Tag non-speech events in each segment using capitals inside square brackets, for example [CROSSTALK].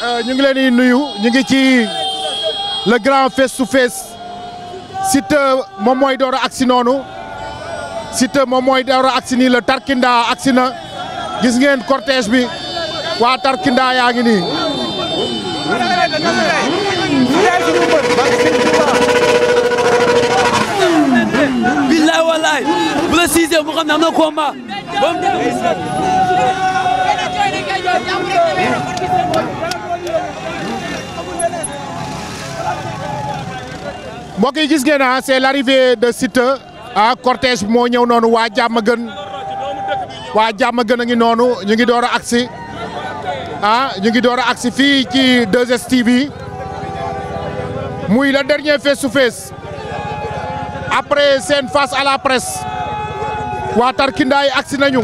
Euh, ñu ngi leen di nuyu ñu ngi ci le grand face to face Siteu moom mooy door a noonu Siteu moom mooy door a agsi nii la na gis ngeen cortège bi waa Tarkinda yaa ngi nii. billaay mbokk yi gis ngeen ah c'est l'arrivée de Siteu ah cortège moo ñëw noonu waa jàmm gën waa jàmm gën a ngi noonu ñu ngi door a agsi ah ñu ngi door a agsi fii ci 2 bi muy le dernier face to fees après seen face à la presse waa Tarkinda yi agsi nañu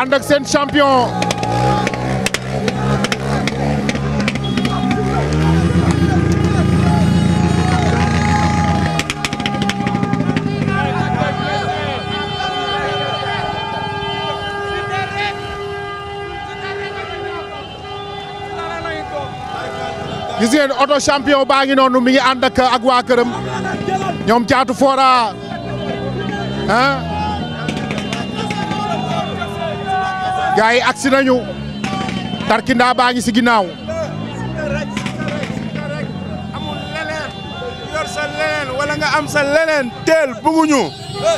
ànd ak seen champion. ngeen oto champion baa ngi noonu mi ngi ànd ak ak waa këram ñoom caatu fora ah gars yi agsi nañu tarkindaa baa ngi si ginnaaw sa nga am sa leneen teel bëgguñu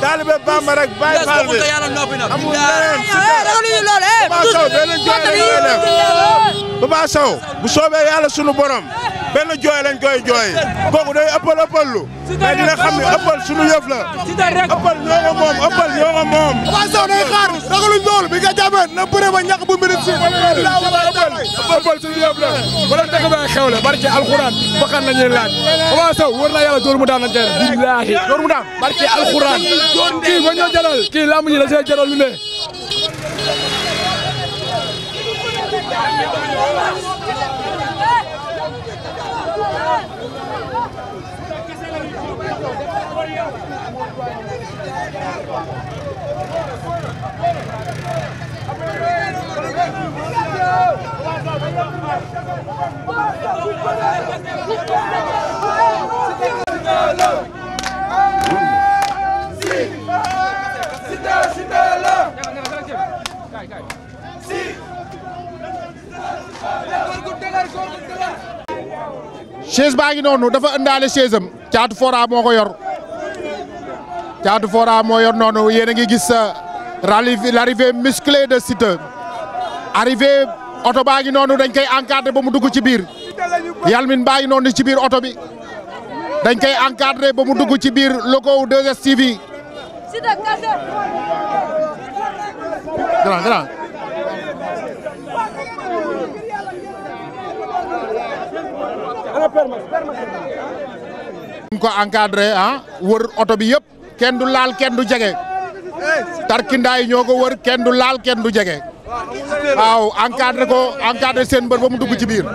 taalibe Bamba rek bàyyi faal bi amul leneen Papa Sow bu soobee yàlla sunu borom benn jooy lañ jooy kooku day ëppal ëppal lu mais dina xam ne ëppal suñu la ëppal ñoo moom ëppal ñoo ko moom Papa Sow day xaar ragaluñ loolu bi nga na bëre ba ñàkk bu mbiri si ëppal suñu yëf la wala dëgg ba xewle barke alxuraan bakkan la ñuy laaj Papa Sow war naa yàlla dóor mu daan nañ tey billahi dóor mu daan barke alxuraan kii ba ñoo jaral kii lamb ñi da see jaral lu ne chaise baa ngi noonu dafa ëndaale chaise am caatu fora moo ko yor caatu fora moo yor noonu yéen a ngi gis euh, l'arrivée musclée de Siteu arrivée oto baa ngi noonu dañ koy encadré ba mu dugg ci biir yalmin baa ngi noonu ci biir oto bi dañ koy encadré ba mu dugg ci biir logo 2STV yi grand grand ñu ko encadre ah wër oto bi yépp kenn du laal kenn du jege tarkindaa yi ñoo ko wër kenn du laal kenn du jege. waaw encadré ko encadré seen mbër ba mu dugg ci biir. Ah.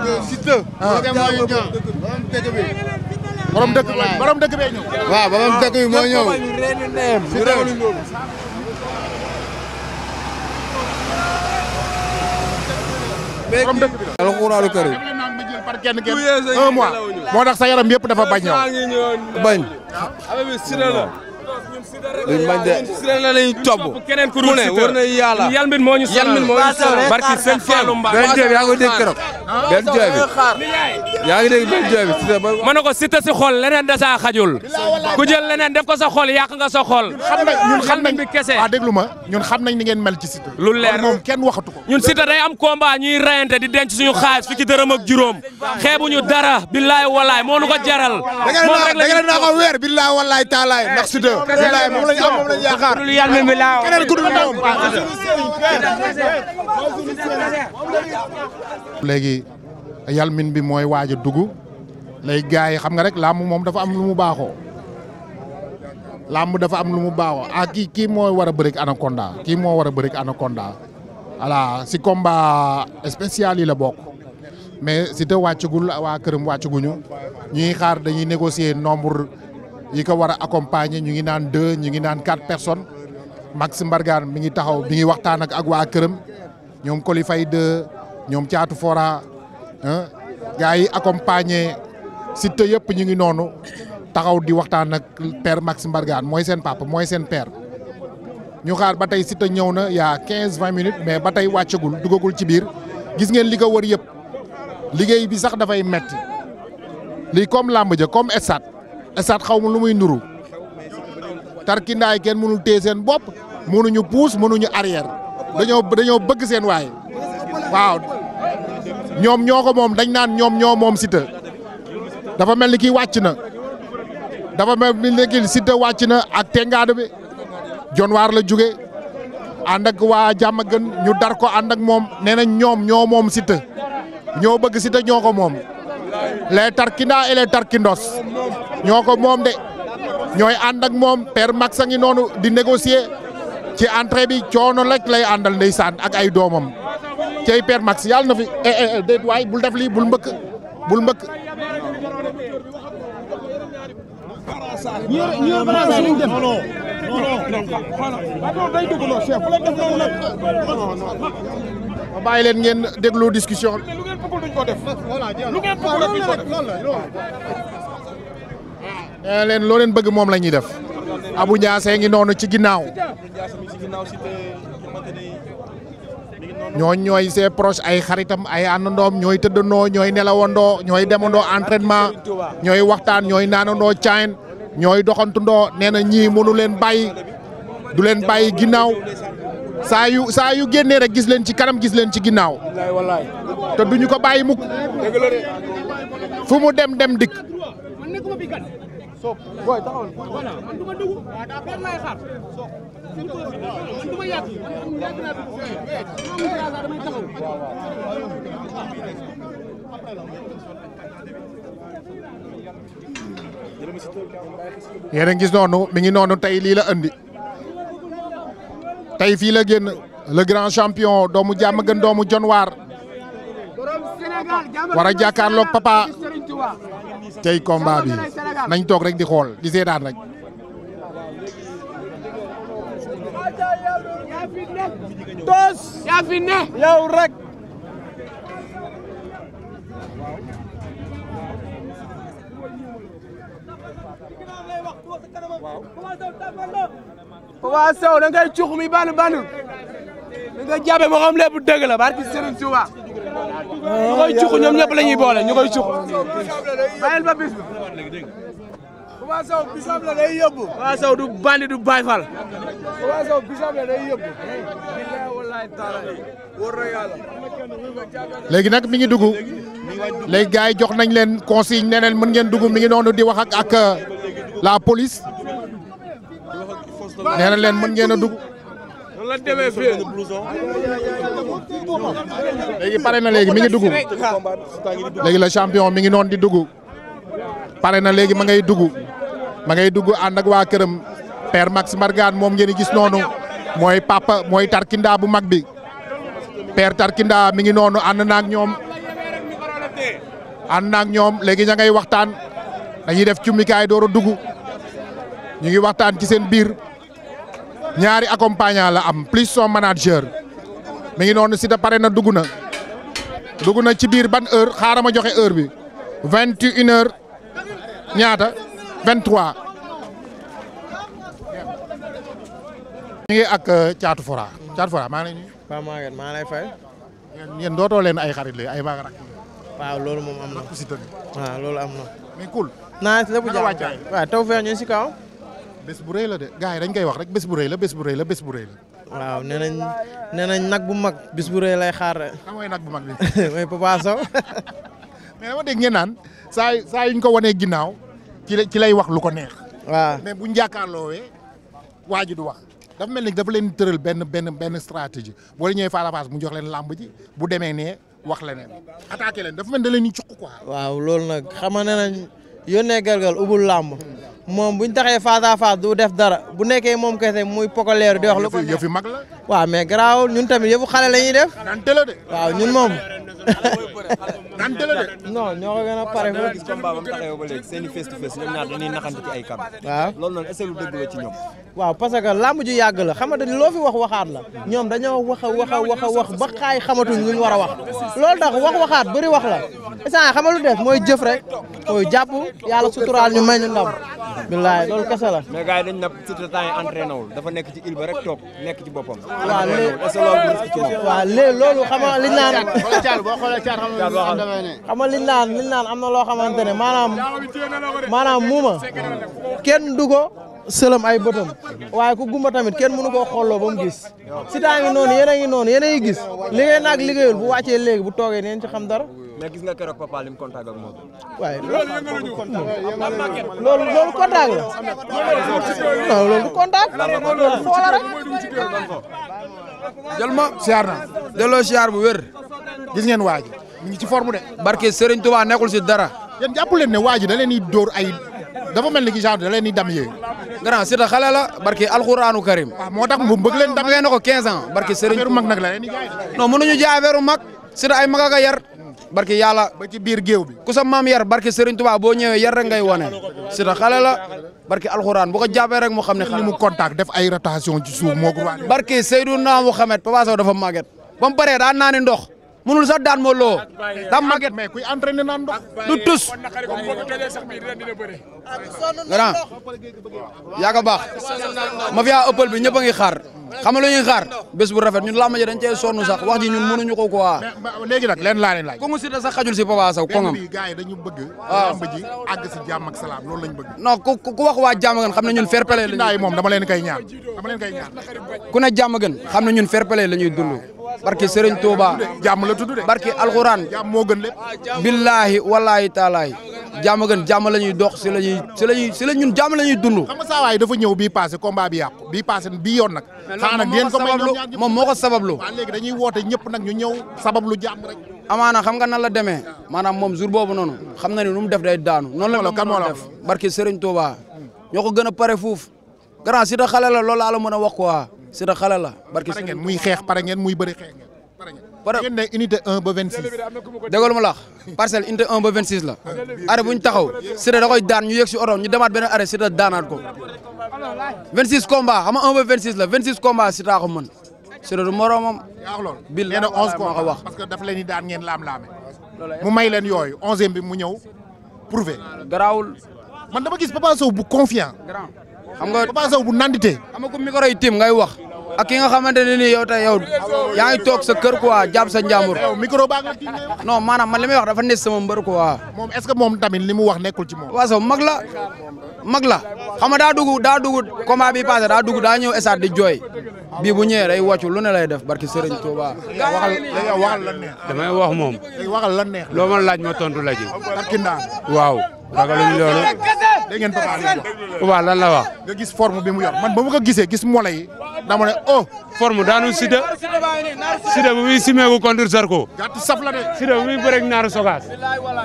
borom dëkk waaw borom dëkk dëkk bi la. kenn par kenn kenn un moo tax sa yaram yëpp dafa bañ ñëw bañ. duñ bañ de Siré la lay topp keneen ku dul Siteu war na yàlla yalmin moo ñu barki sëñ Fallou Mbacké benn yaa ngi dégg keroog benn jooy bi yaa ma ne ko Siteu si xol leneen da saa xajul ku jël leneen def ko sa xol yàq nga sa xol ñun xam nañ bi kese waaw ah, déglu ma ñun xam nañ ni ngeen mel ci Siteu lu leer moom kenn waxatu ko ñun Siteu day am combat ñuy rayante di denc suñu xaalis fukki dërëm ak juróom xeebuñu dara billaay walaay moo nu ko jaral moom rek la da ngeen naa ko weer billaay walaay taalaay ndax alhamdulilah moom lañ am bi mooy waaja dugg léegi gars yi xam nga rek làmb moom dafa am lu mu baaxoo làmb dafa am lu mu baaxoo ah kii mooy war a bërik anaconda kii moo war a bërik anaconda voilà si combat spécial yi la bokk mais si te wàccagul waa këram wàccaguñu ñuy xaar dañuy négocier nombre yi ko war a accompagner ñu ngi naan deux ñu ngi naan quatre personnes Max Mbargane mi ngi taxaw mi waxtaanak waxtaan ak waa këram ñoom Colifay deux ñoom Caatu Fora ah gars yi accompagner Siteu yëpp ñu ngi noonu taxaw di waxtaan ak père Max Mbargane mooy seen papa mooy seen père. ñu xaar ba tey Siteu ñëw na yaa quinze vingt minutes mais ba tey wàccagul duggagul ci biir gis ngeen li ko wër yëpp liggéey bi sax dafay metti lii comme làmb ja comme stade estat xaw ma lu muy nuru tarkindaay kenn mënul téye seen bopp mënuñu puus mënuñu arrière dañoo ñëw bëgg seen waay waaw ñoom ñoo ko moom dañ naan ñoom ñoo moom Siteu dafa mel ni kii wàcc na dafa mel ni kii Siteu wàcc na ak tengaade bi jon waar la jóge ànd ak waa jàmm gën ñu dar ko ànd ak moom nee nañ ñoom ñoo moom Siteu ñoo bëgg Siteu ñoo ko moom les tarkindaa e les tarkindos ñoo ko moom de ñooy ànd ak moom père Max a ngi noonu di négocier ci entrée bi coono rek lay àndal ndeysaan ak ay doomam cey père Max na fi eh, eh, eh, déet waay bul def lii bul mbëkk bul mbëkk. ma bàyyi leen ngeen déglu discussion. nee eh, leen loo leen bëgg moom la ñuy def abu Ndiassé ngi noonu ci ginnaaw ñooñ ñooy ses proches ay xaritam ay àndandoo ñooy tëddandoo ñooy nelawandoo ñooy demandoo entraînement ñooy waxtaan ñooy naanandoo caayin ñooy doxantundoo nee na ñii mënu leen bàyyi du leen bàyyi ginnaaw saa yu saa yu génnee rek gis leen ci kanam gis leen ci ginnaaw te duñu ko bàyyi mukk fu mu dem dem dikk soob eh, gis noonu mi ngi tey lii la andi tey fii la génn le grand champion doomu jàmm gën doomu John Waar war a jàkkaarloog papa tey combat yi nañ toog rek di xool di seetaan rek. toos yaa fi ne yow rek. Papa Sow da ngay cuux mi ban ban da nga jàppe moo xam lépp barki Serigne Touba ñu koy cuux ñoom ñëpp la ñuy ñu koy cuux bàyyil ba bis Papa Sow bisaab la day yóbbu. Papa Sow du bandi du Baay léegi nag mi ngi dugg léegi gars yi jox nañ leen consigne ne leen mën ngeen mi ngi noonu di wax ak ak euh, la police nee na leen mën ngeen a dugg. noonu la demee fii léegi pare na léegi mi ngi dugg léegi la champion mi ngi noonu di dugg. pare na léegi ma ngay duggu ma ngay dugg ànd ak waa këram per Max Mbargane moom ngeen gis noonu mooy papa mooy tarkindaa bu mag bi père tarkinda mi ngi noonu ànd na ak ñoom ànd ñoom léegi ña ngay waxtaan dañuy def cummikaay door a dugg ñu ngi waxtaan ci seen biir ñaari accompagnant la am plus son manager mi ngi noonu si da pare na dugg na dugg na ci biir ban heure xaaral ma joxe heure bi ñaata 23. ñu ngi ak Caatu euh, Fora Caatu Fora maa ngi lay maa ngi lay fay. yéen dootoo leen ay xarit léegi ay mag waaw loolu moom am na si tënk. loolu am naa lépp jàmm waaw taw feex ñu si kaw. bés bu rëy la de gars yi dañ koy wax rek bés bu rëy la bés bu rëy la bés bu rëy la. waaw nee nañ nee nañ nag bu mag bés bu rëy lay xaar. xam nga nag bu mag bi. [LAUGHS] mooy Papa Sow. [LAUGHS] mais dama dégg naan. saa saa yu ñu ko wanee ginnaaw ci la ci lay wax lu ko neex. waaw mais bu ñu jàkkaarloowee waa ji du wax. dafa mel ni dafa leen tëral benn benn benn stratégie boo la ñëwee face mu jox leen làmb ji bu demee nee wax leneen attaqué leen dafa mel ni da leen ñu cuq waaw loolu nag xam a ne nañ yónnee galgal ubul làmb moom bu ñu taxee face à face du def dara bu nekkee moom kese muy pokoleeru di wax lu ko yëfi mag la waaw mais garaawul ñun tamit yëfu xale la ñuy def nante ñun moom nante la de non ko gën a pare foofu gis combat ba mu taxawee ba léegi seen i face to face ñoom ñaar ci ay kam waaw loolu noonu lu dëgg la ci ñoom waaw parce que làmb ju yàgg la xam nga loo fi wax waxaat la ñoom dañoo wax a wax a wax a wax ba xaay xamatuñ lu ñu war a wax loolu tax wax waxaat bëri wax la instant xam nga lu def mooy jëf rek mooy jàpp yàlla suturaal ñu may ñu ndam billaay loolu kese la. mais gars yi dañ napp surtout temps yi entraîné dafa nekk ci île ba rek toog nekk ci boppam. waaw léegi est-ce que loolu risque ci moom. waaw léegi loolu xam nga li ñu am na loo xamante ne maanaam maanaam muuma kenn du ko sëlëm ay bëtam waaye ku gumba tamit kenn mënu koo xooloo ba gis si temps ngi noonu yéen a ngi noonu yéen a ngi gis liggéey naag liggéeyul bu wàccee léegi bu toogee neen ci xam dara mais gis nga keroog papa lim contact ak moom. waaye loolu yëngaluñu contact loolu loolu contact ma siyaar na delloo bu wér. gis ngeen waa ji mu ngi ci forme de. barke Serigne Touba nekkul si dara. yéen jàpp leen ne waa ji da leen di dóor ay dafa mel ni ki genre da leen di dam yee. grand Siteu xale la barke alxuraanu karim. Ah, moo tax mu bëgg leen dam. ngeen ne ko 15 ans barke Serigne. affaire mag nag la leen di jaay. non mënuñu jaay mag ay mag ak barki yàlla ba biir géew bi ku sa maam yar barki Serigne Touba boo ñëwee yar rek ngay wane si ta la barki alxuraan bu ko jàppee rek mu xam ne xale mu def ay rotation ci suuf moo ko barki Seydou naa Mouhamed Papa Sow dafa màgget ba mu paree daan naa ni ndox mënul sax daan Modou Lo da baax ma fiyaa ëppal bi ñëpp a ngi xaar xam nga lu ñuy xaar bés bu rafet ñun làmb ji dañ cee sonn sax wax ji ñun mënuñu ko quoi léegi nag leen laa leen laaj kongu si da sax xajul si Papa Sow kongam gars yi dañu bëgg làmb ku wax waa jàmm gën na ne ñun fair play lañuy moom dama leen koy ñaan ku ne jàmm gën xam ne ñun fair play la ñuy dund barke Serigne Touba. jàmm la tudd de. barke alxuraan. jàmm moo gën lépp. billaahi gën jàmm la ñuy dox si la ñuy si la ñuy si la ñun jàmm la ñuy dund. xam nga saa dafa ñëw bii passé combat bi yàqu bii passé bii yoon moom moo ko sabablu. waaw léegi dañuy woote ñëpp nag ñu ñëw sabablu jàmm rek. amaana xam nga nan la demee maanaam moom jour boobu noonu xam na ni nu mu def day daanu. noonu la def barke Serigne Touba ñoo ko gën a pare fuuf grand si da xale la loolu laa mën a wax quoi si da xale la. barki muy xeex pare ngeen muy bëri xeex pare ngeen unité 1 ba 26. déggoo ma la parcelle unité 1 ba 26 la. arrêt bu ñu taxaw si da daan ñu yegg si ñu demaat beneen arrêt si da ko. 26 combats xam ba 26 mën. si du moroomam. yaa mu may yooyu 11e bi mu ñëw prouver. garaawul man dama gis Papa Sow bu confiant. xam nga Papa Sow bu nandite. xam nga ku micro yi tim ngay wax. ak ki nga xamante ne nii yow tey yow yaa ngi toog sa kër quoi jàpp sa njàmbur. micro baa nga tim li may wax dafa nekk sama mbër quoi. moom est-ce que moom tamit li mu wax nekkul ci moom. Papa mag la mag la xam nga daa dugg daa dugg combat bi passé daa dugg daa ñëw stade di jooy bii bu ñëwee day wàccu lu ne lay def barki Serigne Touba. waxal waxal lan neex. damay wax moom. waxal lan neex. loo mën laaj ma tontu la ji. barki ndaan dégg ngeen papa li mu wax lan la wax. nga gis forme bi mu yor man ba mu ko gisee gis mola yi dama ne oh. forme daanu Siteu Siteu bu muy simeeku contre Zarko. gàtt saf la de. Siteu bu muy bëreeg naaru sogaas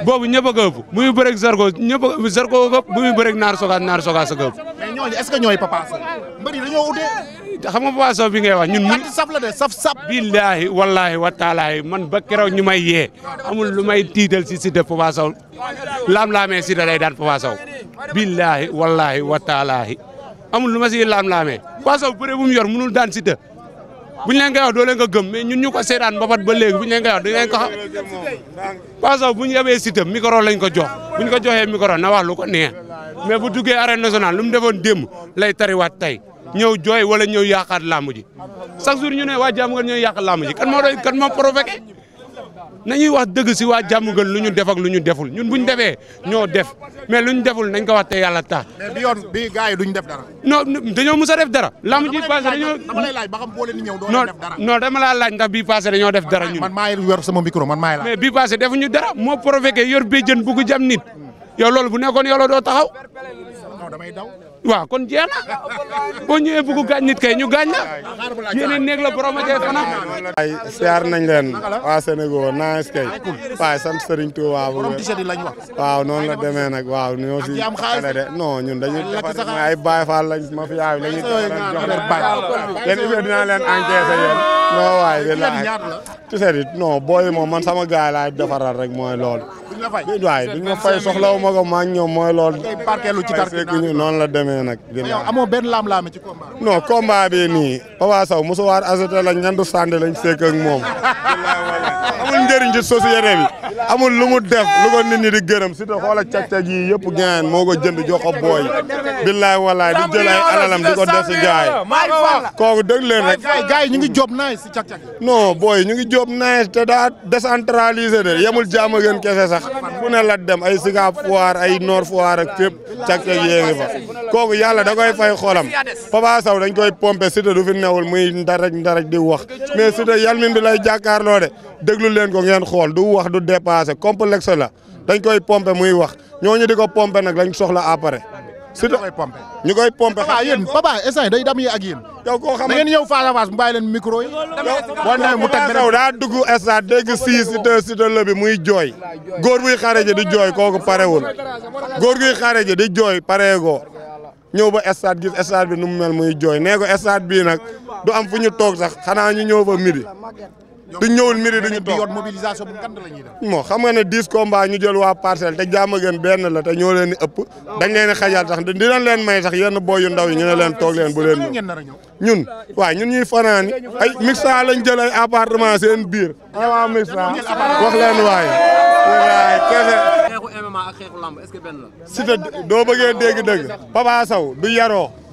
boobu ñëpp a ko ëpp bu muy bëreeg Zarko ñëpp a Zarko ko ëpp bu muy bëreeg naaru sogaas naaru sogaas a ko ëpp. mais ñooñu est ce que ñooy papa Sow mbëri dañoo utee. xam nga Papa Sow bi ngay wax ñun mu saf la de saf saf billaahi wallaahi wa taalaahi man ba keroog ñu may yee amul lu may tiital si Siteu Papa Sow laam-laamee Siteu lay daan Papa Sow billaahi wallaahi wataalaahi amul lu ma siy laam-laamee Papa Sow bëre bu mu yor mënul daan Siteu bu ñu leen koy wax doo leen ko gëm mais ñun ñu ko seetaan ba fat ba léegi bu ñu leen koy wax dañ leen ko xam Papa Sow bu ñu yebee Siteu micro lañ ko jox bu ko joxee micro na wax lu ko neex mais bu duggee arène nationale lu mu defoon démb lay tariwaat tey ñëw jooy wala ñëw yaakaar làmb ji chaque jour waa jàmm nga ñëw yàq làmb ji kan moo na nañuy wax dëgg si waa jàmm gën lu ñu def ak lu ñu deful ñun bu ñu defee ñoo def mais lu ñu deful nañ ko wax te yàlla tax. mais bi yoon bi gars def dara. non dañoo mus a def dara. lamb ji passé boo leen ñëw doo leen def dara. non dama laa laaj ndax bii passé dañoo def dara ñun. man maa yor sama micro man maa laaj. mais bii passé defuñu dara jam nit yow bu nekkoon yow la doo taxaw. non daw. waaw kon jeex na boo ñëwee bugg gaañ nit kay ñu gaañ na yeneen néeg la borom a jëf na. ay siyaar nañ leen waa Sénégal naa est kay waaye sant Serigne Touba bu waaw noonu la demee nag waaw ñoo si xale de non ñun dañuy defar ay Baye Fall lañ ma fi yaay lañuy jox leen bañ non ah, waay de la tu sais non booy moom man sama gaay laay defaral rek mooy lool. duñ la fay waay duñ la fay soxlawu ma ko maa ngi ñoom mooy lool. barkeelu ci tarki noonu la demee nag. yow amoo benn laam-laam ci combat. non combat bi nii Papa Sow mosuwaat azote lañ ñandu sànni lañ sekk moom. [LAUGHS] njëriñ ci société bi amul lu mu def lu ko nit ñi di gërëm surtout xoola cag-cag yi yëpp gaan moo ko jënd jox ko booy billaay wallaay di jël ay alalam di ko def si gaay kooku dëgg leen rek gaay yi ñu ngi job naay si cag-cag non ñu ngi job naay te daa décentralisé de yemul jaama gën kese sax fu la dem ay Sicap Foire ay Nord Foire ak fépp cag-cag yée ngi fa kooku yàlla da koy fay xolam Papa Sow dañ koy pomper surtout du fi newul muy ndaraj ndaraj di wax mais surtout yal min bi lay jàkkaarloo de déglu leen ko ngeen xool du wax du dépassé complexe la dañ koy pomper muy wax ñoo ñu di ko pomper nag lañ soxla après. surtout ñu koy pompe papa yéen papa instant day dam yi ak yéen. yow koo xam ne da ngeen mu bàyyi leen micro yi. boo nee mu teg beneen daa dugg instant dégg sii Siteu Siteu la bi muy jooy góor buy xareje di jooy kooku parewul góor guy xareje di jooy pareegoo ñëw ba stade gis stade bi nu mu mel muy jooy nee ko stade bii nag du am fu ñu toog sax xanaa ñu ñëw ba midi. du ñëwul miri duñu toog mobilisation bu ngand la ñuy def moo xam nga ne dix combats ñu jël waa parcelle te jàmm gën benn la te ñoo leen di ëpp dañ leen di xajal sax dinañ leen may sax yenn boy yu ndaw yi ñu ne leen toog leen bu leen ñun waaw ñun ñu fanaani ay mixa lañ jël ay appartement seen biir ana waa mixa wax leen waaye waay kefe xeexu MMA ak xeexu lamb est-ce que benn la si te doo bëggee dégg dëgg Papa Sow du yaroo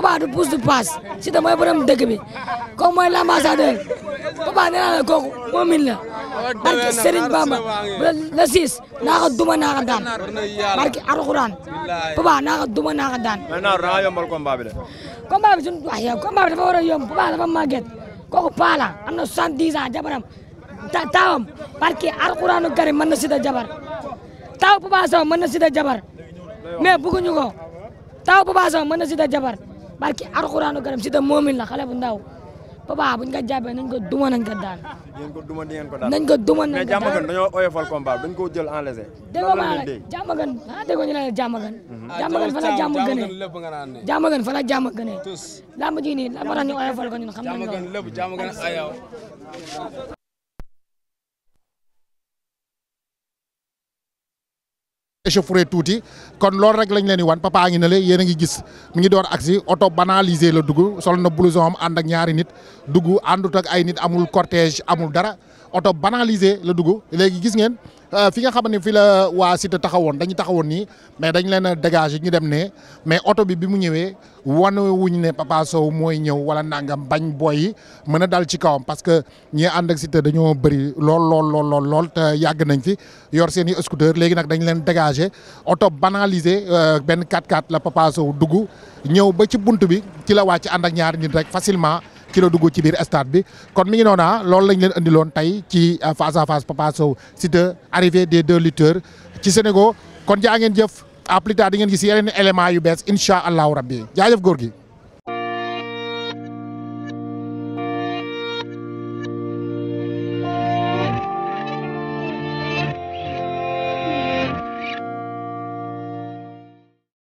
papa du pousse du passe Siteu mooy borom dëkk bi comme mooy l'ambassadeur papa nee naa la kooku moom min la barke Serigne Bamba duma naa ko daan barke Alxuraan papa naa ko duma naa ko daan. mais naaw da ngaa yombal combat bi a papa dafa màgget kooku paa na soixante jabar taaw papa Sow mën na Siteu jabar mais bëgguñu ko taaw papa Sow mën na Siteu jabar. barki alxuraanu karim Siteu moomin la xale bu ndaw papa buñ ko jàppee nañ ko duma nañ ko daan. nañ ko duma nañ ko daan nañ ko duma nañ ko daan mais jàmmagan dañoo oyofal combat dañ ko jël en léger. dama la dégg jàmmagan ah déggoo ñu ne la jàmmagan. Mhm. Ah, jàmmagan fan la jàmm gënee jàmmagan fan la jàmm gënee. lamb ji nii la ma tax ñu oyofal ko ñun xam nañ ko. jàmmagan lépp jàmmagan ayaw. Ah, échauffourée tuuti kon loolu rek lañ leen di wan papa a ngi ne la yéen a ngi gis mi ngi door agsi oto banalisé la dugg sol na blouson am ànd ak ñaari nit dugg àndut ak ay nit amul cortége amul dara oto banalisé la dugg léegi gis ngeen. Euh, fi nga xam ne fi la waa Cité taxawoon dañu taxawoon nii mais dañ leen a dégager ñu dem ne mais oto bi bi mu ñëwee wane wuñ ne Papa Sow mooy ñëw wala nangam bañ booy yi mën a dal ci kawam parce que ñi ànd ak Cité dañoo bëri lool lool lool lool lool te yàgg nañ fi yor seen i scooter léegi nag dañ leen dégager oto banalisé euh, benn 4 x la Papa Sow dugg ñëw ba ci bunt bi ci la ci ànd ak ñaari nit rek facilement. ki la dugg ci biir stade bi kon mi ngi noona lool lañ leen andiloon tey ci euh, face à face Papa Sow Siteu arrivée des deux lutteurs ci Sénégal kon jaa ngeen jëf à plus tard di ngeen gis yeneen éléments yu bees incha allahu rabbi jaajëf góor gi.